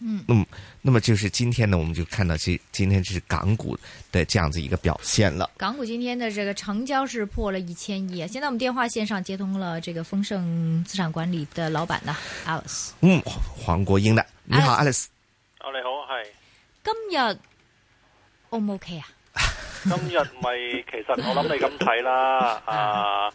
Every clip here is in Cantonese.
嗯，那麼，那麼就是今天呢，我們就看到這今天這是港股的這樣子一個表現了。港股今天的這個成交是破了一千億。現在我們電話線上接通了這個豐盛資產管理的老闆呢，Alice。嗯，黃國英的，你好，Alice。哦、啊，你好，係。今日 O 唔 OK 啊？今日咪、就是、其實我諗你咁睇啦， 啊，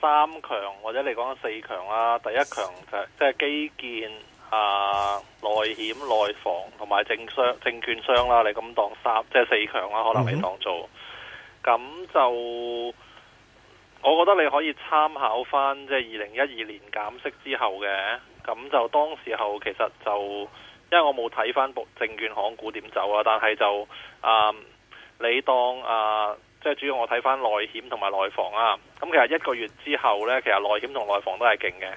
三強或者你講四強啊，第一強就即係基建。啊，內險、uh、內房同埋證商、證券商啦，你咁當三即係、就是、四強啦，可能你當做咁、嗯、哼就，我覺得你可以參考翻即係二零一二年減息之後嘅，咁就當時候其實就，因為我冇睇翻部證券行股點走啊，但係就啊、嗯，你當啊，即、就、係、是、主要我睇翻內險同埋內房啊，咁其實一個月之後呢，其實內險同內房都係勁嘅。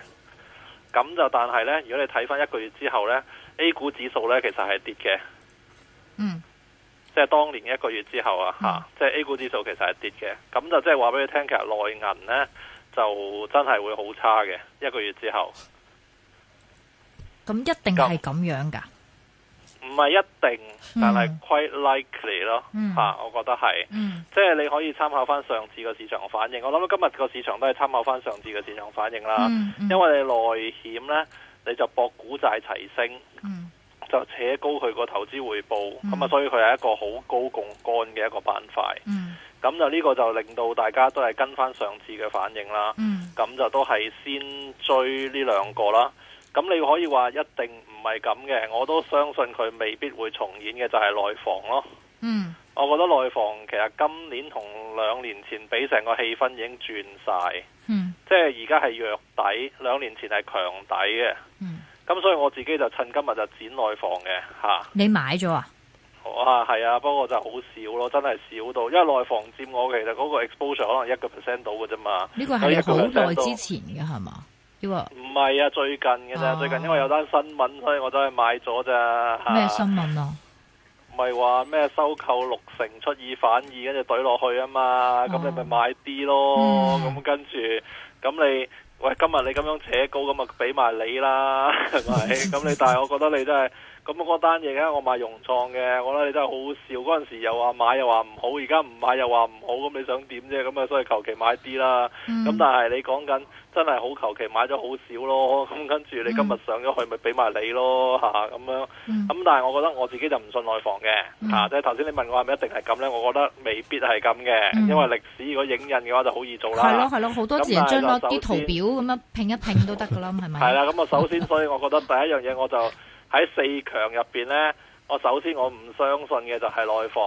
咁就但係呢，如果你睇翻一個月之後呢，A 股指數呢其實係跌嘅，嗯、即係當年一個月之後啊，吓、嗯啊，即係 A 股指數其實係跌嘅，咁就即係話俾你聽，其實內銀呢就真係會好差嘅一個月之後，咁一定係咁樣噶。No. 唔係一定，但係 quite likely 咯嚇、嗯啊，我覺得係，嗯、即係你可以參考翻上次個市場反應。我諗今日個市場都係參考翻上次嘅市場反應啦，嗯嗯、因為你內險呢，你就博股債齊升，嗯、就扯高佢個投資回報，咁啊、嗯，所以佢係一個好高槓桿嘅一個板塊。咁、嗯、就呢個就令到大家都係跟翻上次嘅反應啦。咁、嗯、就都係先追呢兩個啦。咁你可以話一定唔係咁嘅，我都相信佢未必會重演嘅，就係內房咯。嗯，我覺得內房其實今年同兩年前比，成個氣氛已經轉晒。嗯，即係而家係弱底，兩年前係強底嘅。嗯，咁所以我自己就趁今日就剪內房嘅，吓。啊，你買咗啊？啊係啊，不過就好少咯，真係少到，因為內房佔我其實嗰個 exposure 可能一個 percent 到嘅啫嘛。呢個係好耐之前嘅係嘛？唔係 You 啊，最近嘅咋，oh. 最近因為有單新聞，所以我都係買咗咋。咩新聞啊？唔係話咩收購六成出爾反爾，跟住懟落去啊嘛，咁、oh. 你咪買啲咯。咁、mm. 跟住，咁你喂，今日你咁樣扯高，咁咪俾埋你啦，係咪？咁 你，但係我覺得你真係。咁嗰單嘢，嘅，我買融創嘅，我覺得你真係好笑，嗰陣時又話買又話唔好，而家唔買又話唔好，咁你想點啫？咁啊，所以求其買啲啦。咁但係你講緊真係好求其買咗好少咯。咁跟住你今日上咗去，咪俾埋你咯吓，咁樣。咁但係我覺得我自己就唔信內房嘅吓。即係頭先你問我係咪一定係咁咧？我覺得未必係咁嘅，因為歷史如果影印嘅話就好易做啦。係咯係咯，好多時將多啲圖表咁樣拼一拼都得噶啦，係咪？係啦，咁啊，首先，所以我覺得第一樣嘢我就。喺四強入面呢，我首先我唔相信嘅就係內房。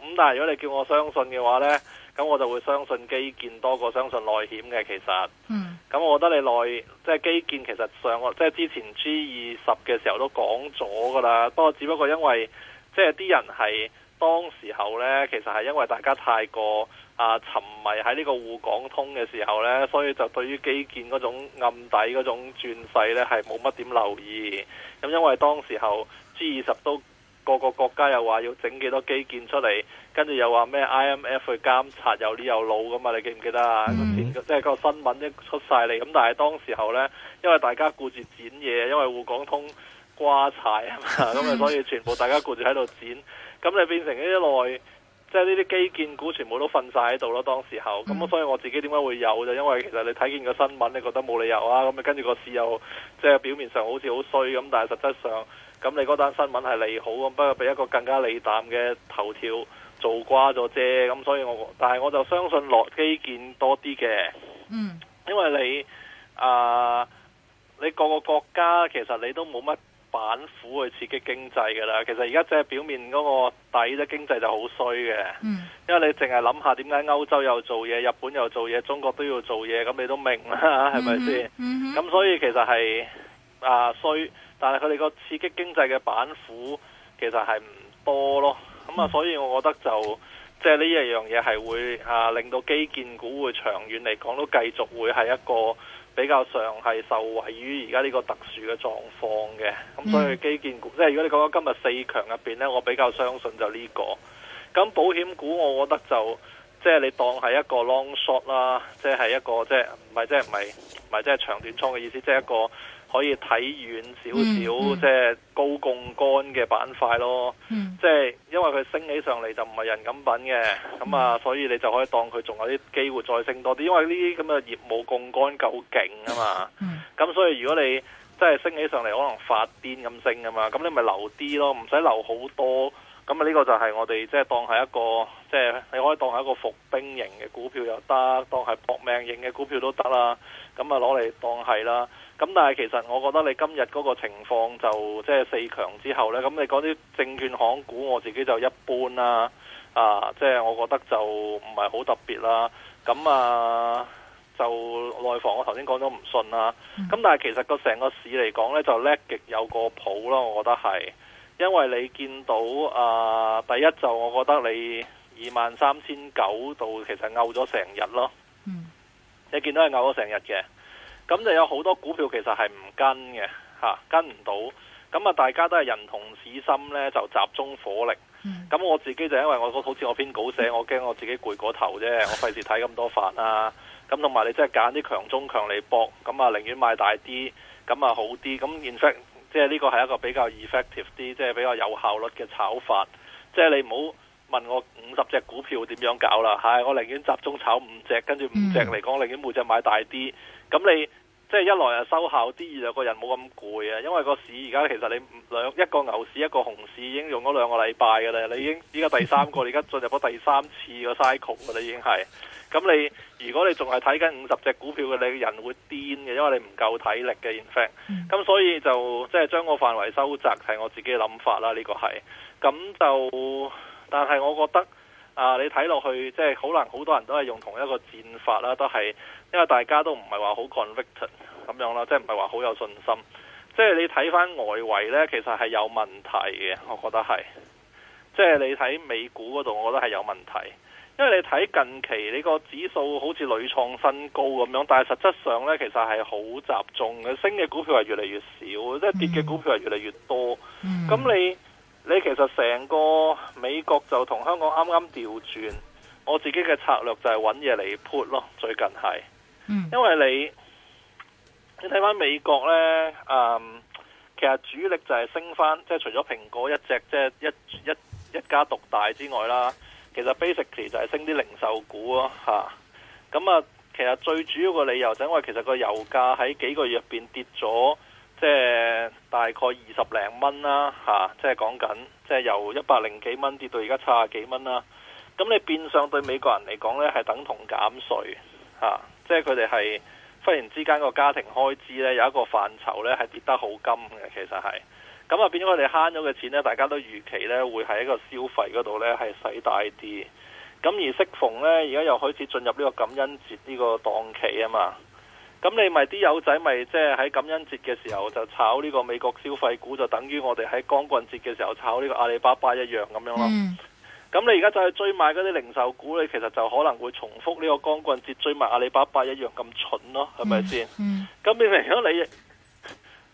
咁但係如果你叫我相信嘅話呢，咁我就會相信基建多過相信內險嘅。其實，咁、嗯、我覺得你內即係、就是、基建其實上即係、就是、之前 G 二十嘅時候都講咗㗎喇。不過只不過因為即係啲人係當時候呢，其實係因為大家太過啊沉迷喺呢個滬港通嘅時候呢，所以就對於基建嗰種暗底嗰種轉勢呢，係冇乜點留意。咁因為當時候 G 二十都個個國家又話要整幾多基建出嚟，跟住又話咩 IMF 去監察，又呢又老咁嘛，你記唔記得啊？即係、mm hmm. 個新聞一出晒嚟，咁但係當時候呢，因為大家顧住剪嘢，因為滬港通瓜柴啊嘛，咁啊 所以全部大家顧住喺度剪，咁你變成呢一內。即係呢啲基建股全部都瞓晒喺度咯，當時候咁，所以我自己點解會有就因為其實你睇見個新聞，你覺得冇理由啊，咁啊跟住個市又即係、就是、表面上好似好衰咁，但係實質上咁，你嗰單新聞係利好咁，不過俾一個更加利淡嘅頭條做瓜咗啫，咁所以我但係我就相信落基建多啲嘅，嗯，因為你啊、呃，你各個國家其實你都冇乜。板斧去刺激經濟嘅啦，其實而家即係表面嗰個底咧經濟就好衰嘅，嗯、因為你淨係諗下點解歐洲又做嘢，日本又做嘢，中國都要做嘢，咁你都明啦，係咪先？咁所以其實係啊衰，但係佢哋個刺激經濟嘅板斧其實係唔多咯。咁啊，所以我覺得就即係呢一樣嘢係會啊令到基建股會長遠嚟講都繼續會係一個。比較上係受惠於而家呢個特殊嘅狀況嘅，咁所以基建股，mm. 即係如果你講緊今日四強入邊呢，我比較相信就呢、呢個。咁保險股，我覺得就。即係你當係一個 long shot 啦，即係一個即係唔係即係唔係唔係即係長短倉嘅意思，即、就、係、是、一個可以睇遠少少、mm hmm. 即係高槓桿嘅板塊咯。Mm hmm. 即係因為佢升起上嚟就唔係人咁品嘅，咁啊、mm hmm.，所以你就可以當佢仲有啲機會再升多啲，因為呢啲咁嘅業務槓桿夠勁啊嘛。咁、mm hmm. 所以如果你即係升起上嚟可能發癲咁升啊嘛，咁你咪留啲咯，唔使留好多。咁啊，呢個就係我哋即係當係一個，即係你可以當係一個伏兵型嘅股票又得，當係搏命型嘅股票都得啦。咁啊，攞嚟當係啦。咁但係其實我覺得你今日嗰個情況就即係四強之後呢。咁你講啲證券行股，我自己就一般啦。啊，即係我覺得就唔係好特別啦。咁啊，就內房我頭先講咗唔信啦。咁但係其實個成個市嚟講呢，就叻極有個譜咯，我覺得係。因為你見到啊、呃，第一就我覺得你二萬三千九度其實拗咗成日咯，嗯、你見到係拗咗成日嘅，咁就有好多股票其實係唔跟嘅，吓、啊、跟唔到，咁啊大家都係人同此心呢，就集中火力，咁、嗯、我自己就因為我好似我篇稿寫，我驚我自己攰過頭啫，我費事睇咁多法啊，咁同埋你真係揀啲強中強嚟搏，咁啊寧願買大啲，咁啊好啲，咁認識。即係呢個係一個比較 effective 啲，即係比較有效率嘅炒法。即係你唔好問我五十隻股票點樣搞啦，係我寧願集中炒五隻，跟住五隻嚟講，我寧願每隻買大啲。咁你即係一來又收效啲，二就個人冇咁攰啊。因為個市而家其實你兩一個牛市一個熊市已經用咗兩個禮拜㗎啦，你已經依家第三個，你而家進入咗第三次個 cycle 㗎啦，已經係。咁你如果你仲係睇緊五十隻股票嘅，你個人會癲嘅，因為你唔夠體力嘅。In fact，咁所以就即係、就是、將個範圍收窄，係我自己嘅諗法啦。呢、這個係咁就，但係我覺得啊、呃，你睇落去即係、就是、可能好多人都係用同一個戰法啦，都係因為大家都唔係話好 convicted 咁樣啦，即係唔係話好有信心。即、就、係、是、你睇翻外圍呢，其實係有問題嘅，我覺得係。即、就、係、是、你睇美股嗰度，我覺得係有問題。因為你睇近期你個指數好似屢創新高咁樣，但係實質上呢，其實係好集中嘅，升嘅股票係越嚟越少，即係、嗯、跌嘅股票係越嚟越多。咁、嗯、你你其實成個美國就同香港啱啱調轉，我自己嘅策略就係揾嘢嚟 put 咯，最近係。嗯、因為你你睇翻美國呢，誒、嗯，其實主力就係升翻，即係除咗蘋果一隻，即係一一一家獨大之外啦。其實 basically 就係升啲零售股咯嚇，咁啊，啊其實最主要個理由就係因為其實個油價喺幾個月入邊跌咗，即係大概二十零蚊啦嚇，即係講緊即係由一百零幾蚊跌到而家七十幾蚊啦。咁啊你變相對美國人嚟講呢，係等同減稅嚇，即係佢哋係忽然之間個家庭開支呢，有一個範疇呢，係跌得好甘嘅，其實係。咁啊，變咗我哋慳咗嘅錢呢，大家都預期呢會喺一個消費嗰度呢係使大啲。咁而適逢呢，而家又開始進入呢個感恩節呢個檔期啊嘛。咁你咪啲友仔咪即係喺感恩節嘅時候就炒呢個美國消費股，就等於我哋喺光棍節嘅時候炒呢個阿里巴巴一樣咁樣咯。咁、嗯、你而家就去追買嗰啲零售股，你其實就可能會重複呢個光棍節追買阿里巴巴一樣咁蠢咯，係咪先？咁、嗯嗯、變嚟咗你。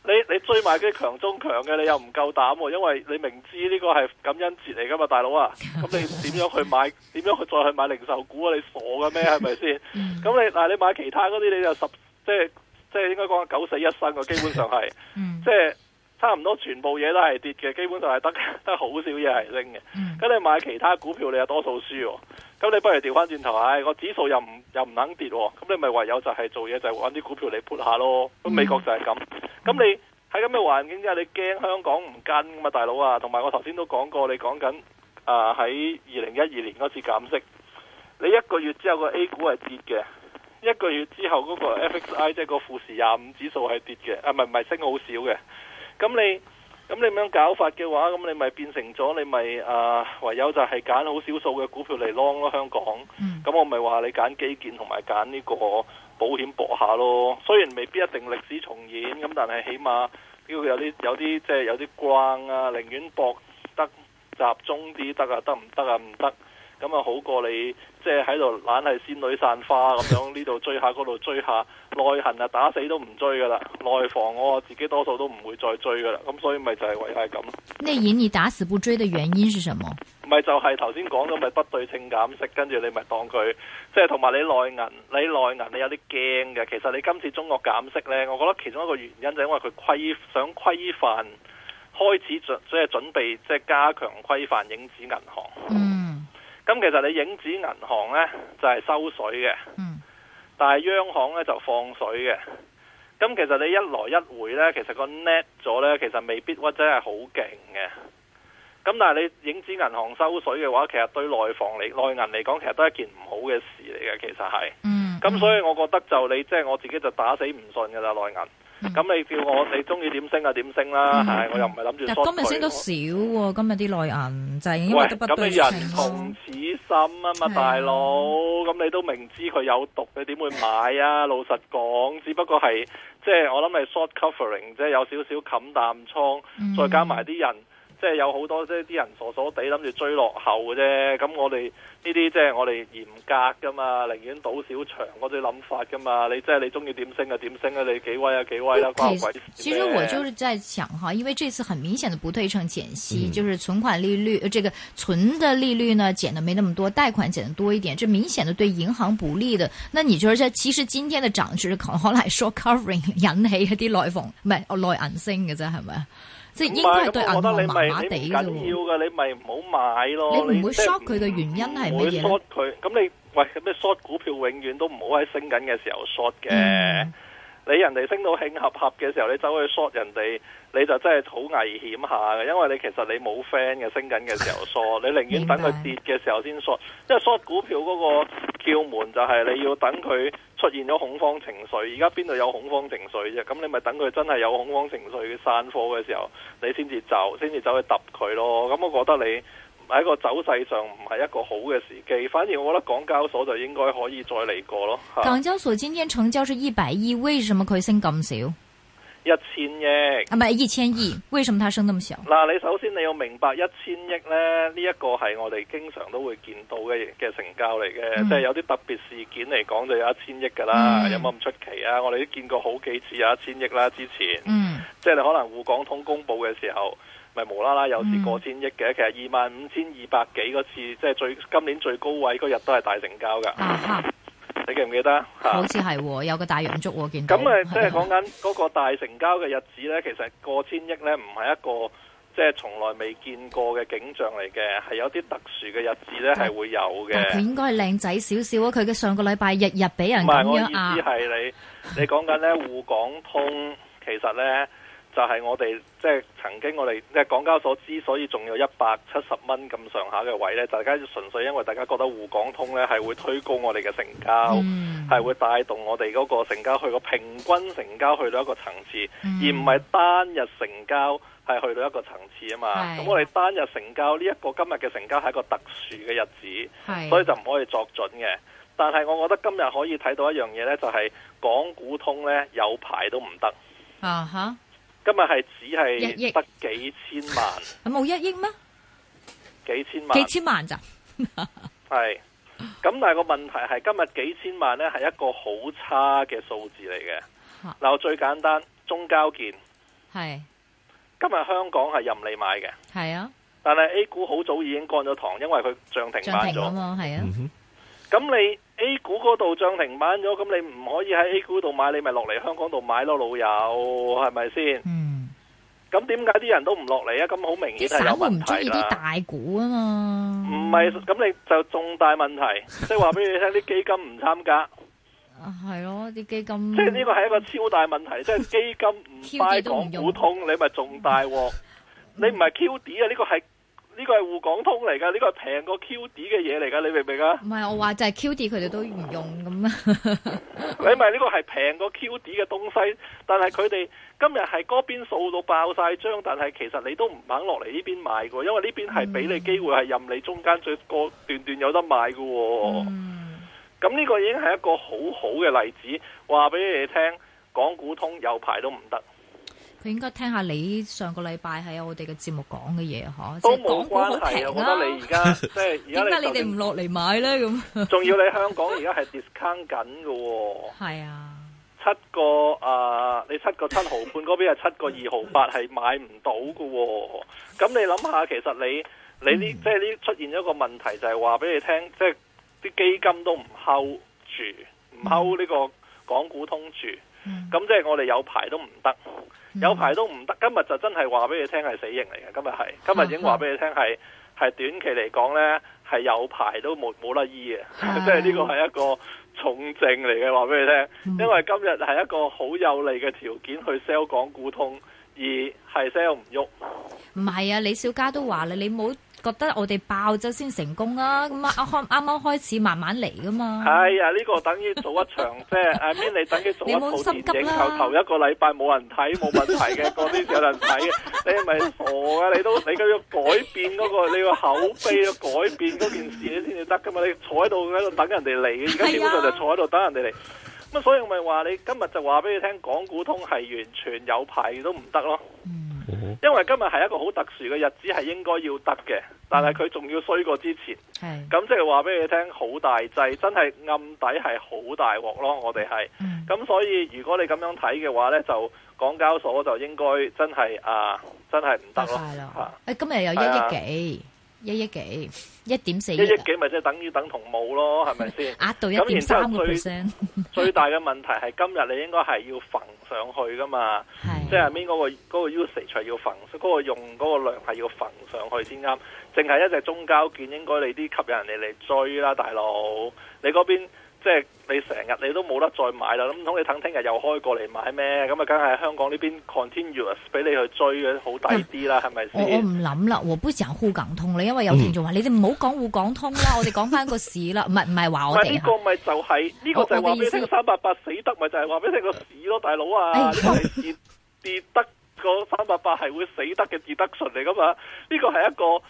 你你追埋啲強中強嘅，你又唔夠膽喎，因為你明知呢個係感恩節嚟噶嘛，大佬啊，咁你點樣去買？點樣去再去買零售股啊？你傻嘅咩？係咪先？咁你嗱，你買其他嗰啲你就十，即係即係應該講九死一生嘅，基本上係，即係 差唔多全部嘢都係跌嘅，基本上係得得好少嘢係升嘅。咁 你買其他股票你、啊，你有多數輸。咁你不如調翻轉頭，唉、哎，個指數又唔又唔肯跌，哦，咁你咪唯有就係做嘢就揾、是、啲股票嚟 put 下咯。咁美國就係咁，咁你喺咁嘅環境之下，你驚香港唔跟嘛，啊，大佬啊，同埋我頭先都講過，你講緊啊喺二零一二年嗰次減息，你一個月之後個 A 股係跌嘅，一個月之後嗰個 FXI 即係個富時廿五指數係跌嘅，啊唔係唔係升好少嘅，咁你。咁你咁樣搞法嘅話，咁你咪變成咗你咪、呃、唯有就係揀好少數嘅股票嚟 long 咯，香港。咁、嗯、我咪話你揀基建同埋揀呢個保險博下咯。雖然未必一定歷史重演，咁但係起碼要有啲有啲即係有啲關、就是、啊，寧願博得集中啲得啊，得唔得啊？唔得，得。咁啊，好過你即係喺度，懶係仙女散花咁樣，呢度追下，嗰度追下，內行啊打死都唔追噶啦，內房我自己多數都唔會再追噶啦，咁所以咪就係維係咁咯。內銀你打死不追嘅原因係什麼？咪就係頭先講咗咪不對稱減息，跟住你咪當佢即係同埋你內銀，你內銀你有啲驚嘅。其實你今次中國減息呢，我覺得其中一個原因就因為佢規想規範開始準即係準備即係加強規範影子銀行。嗯。咁其實你影子銀行呢就係、是、收水嘅，但係央行呢就放水嘅。咁其實你一來一回呢，其實個 net 咗呢，其實未必或真係好勁嘅。咁但係你影子銀行收水嘅話，其實對內房嚟內銀嚟講，其實都係一件唔好嘅事嚟嘅。其實係，咁、嗯嗯、所以我覺得就你即係、就是、我自己就打死唔信㗎喇內銀。咁你叫我你中意點升就點升啦，係、嗯、我又唔係諗住縮水。今日升得少喎，今日啲內銀就係、是、因為都不對稱喎。喂，咁你人同此心啊嘛， 大佬，咁你都明知佢有毒，你點會買啊？ 老實講，只不過係即係我諗係 short covering 即係有少少冚淡倉，再加埋啲人。即係有好多即係啲人傻傻地諗住追落後嘅啫，咁我哋呢啲即係我哋嚴格噶嘛，寧願賭少長嗰啲諗法噶嘛，你即係你中意點升啊點升啊，你幾威啊幾威啦，瓜鬼！其實我就是在想哈，因為這次很明顯的不對稱減息，嗯、就是存款利率，這個存的利率呢減得沒那麼多，貸款減得多一點，就明顯的對銀行不利的。那你覺得，其實今天的漲勢可能係 short covering 引起一啲內房唔係內銀升嘅啫，係咪啊？即係、嗯、我覺得你咪，麻唔緊要嘅，你咪唔好買咯。你唔會 short 佢嘅原因係唔會 short 佢。咁你喂，咁 short 股票永遠都唔好喺升緊嘅時候 short 嘅。嗯、你人哋升到興合合嘅時候，你走去 short 人哋，你就真係好危險下嘅。因為你其實你冇 friend 嘅升緊嘅時候 short，明白。你寧願等佢跌嘅時候先 short。因為 short 股票嗰、嗰個。叫門就係你要等佢出現咗恐慌情緒，而家邊度有恐慌情緒啫？咁你咪等佢真係有恐慌情緒嘅散貨嘅時候，你先至走，先至走去揼佢咯。咁我覺得你喺個走勢上唔係一個好嘅時機，反而我覺得港交所就應該可以再嚟過咯。港交所今天成交是一百億，為什麼佢升咁少？一千億啊，係咪？一千億，為什麼它升那麼小？嗱、啊，你首先你要明白，一千億咧，呢、這、一個係我哋經常都會見到嘅嘅成交嚟嘅，即係、嗯、有啲特別事件嚟講就有一千億噶啦，嗯、有冇咁出奇啊？我哋都見過好幾次有一千億啦，之前，即係、嗯、你可能滬港通公布嘅時候，咪無啦啦有次過千億嘅，其實二萬五千二百幾嗰次，即、就、係、是、最今年最高位嗰日都係大成交噶。啊哈。你記唔記得？好似係有個大陽燭，見到咁啊！即係講緊嗰個大成交嘅日子咧，其實過千億咧，唔係一個即係從來未見過嘅景象嚟嘅，係有啲特殊嘅日子咧，係但會有嘅。佢應該係靚仔少少啊！佢嘅上個禮拜日日俾人咁樣，唔係我意思係你，你講緊咧滬港通，其實咧。就係我哋即係曾經，我哋即係港交所之所以仲有一百七十蚊咁上下嘅位呢大家純粹因為大家覺得滬港通呢係會推高我哋嘅成交，係、嗯、會帶動我哋嗰個成交去個平均成交去到一個層次，嗯、而唔係單日成交係去到一個層次啊嘛。咁的我哋單日成交呢一、個今日嘅成交係一個特殊嘅日子，的所以就唔可以作準嘅。但係我覺得今日可以睇到一樣嘢呢，就係、係、港股通呢有排都唔得啊！吓。今日係只係得幾千萬，冇一億咩？幾千萬，幾千萬咋？係，咁但係個問題係今日幾千萬呢，係一個好差嘅數字嚟嘅。嗱，最簡單，中交建係今日香港係任你買嘅，係啊。但係 A 股好早已經乾咗堂，因為佢漲停，漲停咗啊係啊。咁你？A 股嗰度漲停板咗，咁你唔可以喺 A 股度買，你咪落嚟香港度買咯，老友係咪先？嗯。咁點解啲人都唔落嚟啊？咁好明顯係有問題啦。啲散戶唔中意啲大股啊嘛。唔係，咁你就重大問題， 即係話俾你聽，啲基金唔參加。啊，係咯，啲基金。即係呢個係一個超大問題， 即係基金唔買港股通， 不用你咪重大喎。嗯、你唔係 QD 啊？呢個係。呢個係滬港通嚟噶，呢、這個係平過 QD 嘅嘢嚟噶，你明唔明啊？唔係，我話就係 QD，佢哋都唔用咁啊。 你咪呢、這個係平過 QD 嘅東西，但係佢哋今日係嗰邊掃到爆晒張，但係其實你都唔肯落嚟呢邊買噶，因為呢邊係俾你機會係任你中間最個段段有得買噶，哦。咁呢、嗯、個已經係一個很好好嘅例子，話俾你聽，港股通有排都唔得。佢應該聽下你上個禮拜喺我哋嘅節目講嘅嘢，嗬，冇關係，我覺得即係你而家，即係而家你哋唔落嚟買咧？咁 仲要你香港而家係 discount 緊㗎喎。係啊，七個啊、呃，你七個七毫半嗰 邊係七個二毫八、哦，係買唔到㗎喎。咁你諗下，其實你你呢，嗯、即係呢出現咗一個問題，就係話俾你聽，即係啲基金都唔 hold 住，唔 hold 呢、呢個。嗯港股通住，咁、嗯、即係我哋有排都唔得，有排都唔得。今日就真係話俾你聽係死刑嚟嘅，今日係今日已經話俾你聽係，係短期嚟講呢，係有排都冇冇得醫嘅，的即係呢個係一個重症嚟嘅。話俾你聽，因為今日係一個好有利嘅條件去 sell 港股通，而係 sell 唔喐。唔係啊，李小嘉都話你，你冇。覺得我哋爆咗先成功啊！咁啊，開啱啱開始慢慢嚟噶嘛。係啊、哎，呢、這個等於做一場啫。阿 I min mean, 你等於做一套電影，頭頭一個禮拜冇人睇，冇問題嘅。嗰啲 有人睇，你係咪傻啊？你都你要改變嗰、那個 你個口碑，改變嗰、那、件事你先至得噶嘛？你坐喺度喺度等人哋嚟，而家基本上就坐喺度等人哋嚟。咁 所以我咪話你今日就話俾你聽，港股通係完全有排都唔得咯。嗯因為今日係一個好特殊嘅日子，係應該要得嘅，但係佢仲要衰過之前，咁的、嗯、即係話俾你聽，好大劑，真係暗底係好大鑊咯，我哋係，咁所以如果你咁樣睇嘅話呢，就港交所就應該真係啊，真係唔得啦，誒，今日有一億幾。哎一億幾，啊、一點四億，一億幾咪即係等於等同冇咯，係咪先？壓一咁，三個最 最大嘅問題係今日你應該係要縫上去噶嘛， 即係下邊嗰個嗰個 usage 要縫，嗰、嗰個用嗰、嗰個、個量係要縫上去先啱，淨係 一隻中交件應該你啲吸引人哋嚟追啦，大佬，你嗰邊。即係你成日你都冇得再買啦，咁唔通你等聽日又開過嚟買咩？咁啊，梗係香港呢邊 continuous 俾你去追嘅好抵啲啦，係咪先？我唔諗啦，我唔想互港通啦，因為有聽眾話你哋唔好講互港通啦，我哋講翻個市啦，唔係唔係話我哋、啊。呢個咪就係、是、呢、這個就係話俾你聽個三八八死得咪就係話俾你聽個市咯，大佬啊！跌跌得個三八八係會死得嘅跌得順嚟噶嘛？呢、這個係一個。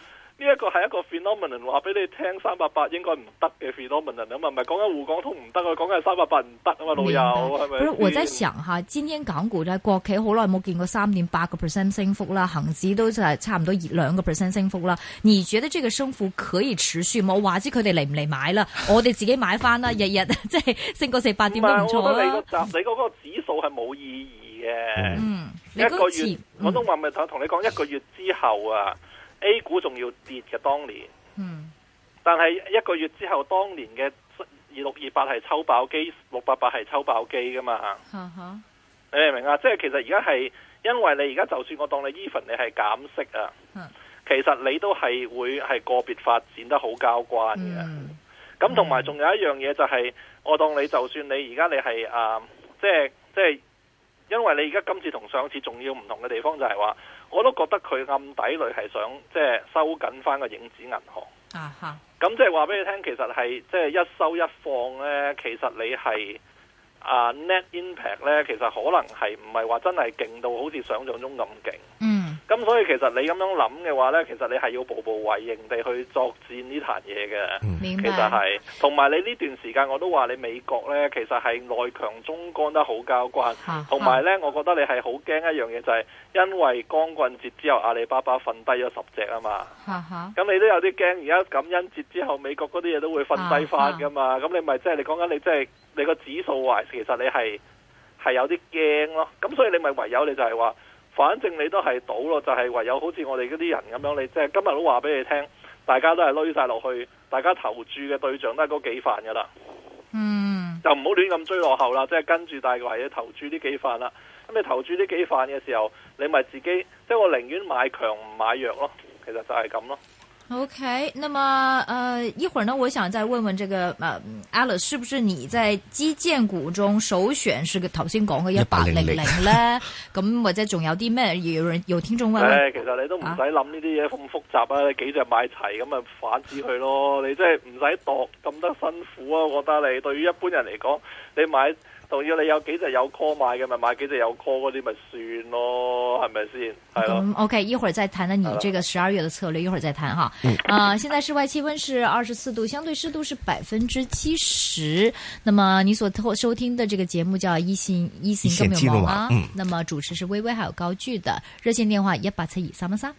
呢一個係一個 phenomenon，話俾你聽，三百八應該唔得嘅 phenomenon 啊嘛，唔係講緊滬港通唔得啊，講緊係三百八唔得啊嘛，老友係咪？是不是我在想哈，今天港股咧，國企好耐冇見過三點八個 percent 升幅啦，恒指都就係差唔多二兩個 percent 升幅啦。你而覺得這個升幅可以持續冇？話知佢哋嚟唔嚟買啦？我哋自己買翻啦，日日即係升過四百點都唔錯啦。你個指數係冇意義嘅。嗯，你個一個月，嗯、我都話咪同同你講一個月之後啊。A 股仲要跌嘅當年，嗯、但係一個月之後，當年嘅二六二八係抽爆機，六八八係抽爆機噶嘛、嗯、哼你明唔明啊？即係其實而家係因為你而家就算我當你 even 你係減息啊，嗯、其實你都係會係個別發展得好交關嘅。咁同埋仲有一樣嘢就係、嗯、我當你就算你而家你係誒，即係即係因為你而家今次同上次仲要唔同嘅地方就係話。我都覺得佢暗底裏係想即係收緊翻個影子銀行咁、uh huh。即係話俾你聽，其實係即係一收一放呢。其實你係啊、uh, net impact 呢，其實可能係唔係話真係勁到好似想像中咁勁。咁所以其實你咁樣諗嘅話呢，其實你係要步步為營地去作戰呢壇嘢嘅，嗯、其實係。同埋你呢段時間我都話你美國呢，其實係內強中乾得好交關。同埋、啊、呢，啊、我覺得你係好驚一樣嘢就係，因為光棍節之後阿里巴巴瞓低咗十隻啊嘛。咁、啊、你都有啲驚，而家感恩節之後美國嗰啲嘢都會瞓低返噶嘛。咁、啊啊、你咪即係你講緊你即、就、係、是、你個指數啊，其實你係係有啲驚咯。咁所以你咪唯有你就係話。反正你都係賭咯，就係、是、唯有好似我哋嗰啲人咁樣，你即係今日都話俾你聽，大家都係累晒落去，大家投注嘅對象都係嗰幾份噶啦。嗯，就唔好亂咁追落後啦，即、就、係、是、跟住大嘅牌去投注呢幾份啦。咁你投注呢幾份嘅時候，你咪自己，即、就、係、是、我寧願買強唔買弱咯。其實就係咁咯。O、okay, K，那麼，誒、呃，一會兒呢，我想再問問這個，誒、嗯、，Alice，是不是你在基建股中首選是個頭先講嘅一百零零咧？咁或者仲有啲咩？有人有聽眾問誒，其實你都唔使諗呢啲嘢咁複雜啊，你幾隻買齊咁啊，反止佢咯，你真係唔使度咁多辛苦啊，我覺得你對於一般人嚟講，你買。重要你有幾隻有 call 買嘅咪買幾隻有 call 嗰啲咪算咯，係咪先？係咯。OK，一會兒再談啦，你這個十二月嘅策略，一會兒再談哈。啊，現在室外氣温是二十四度，相對濕度是百分之七十。那麼你所收聽的這個節目叫《一心一心更有茫》啊。嗯。那麼主持是微微，還有高聚的熱線電話一八七二三八三,三。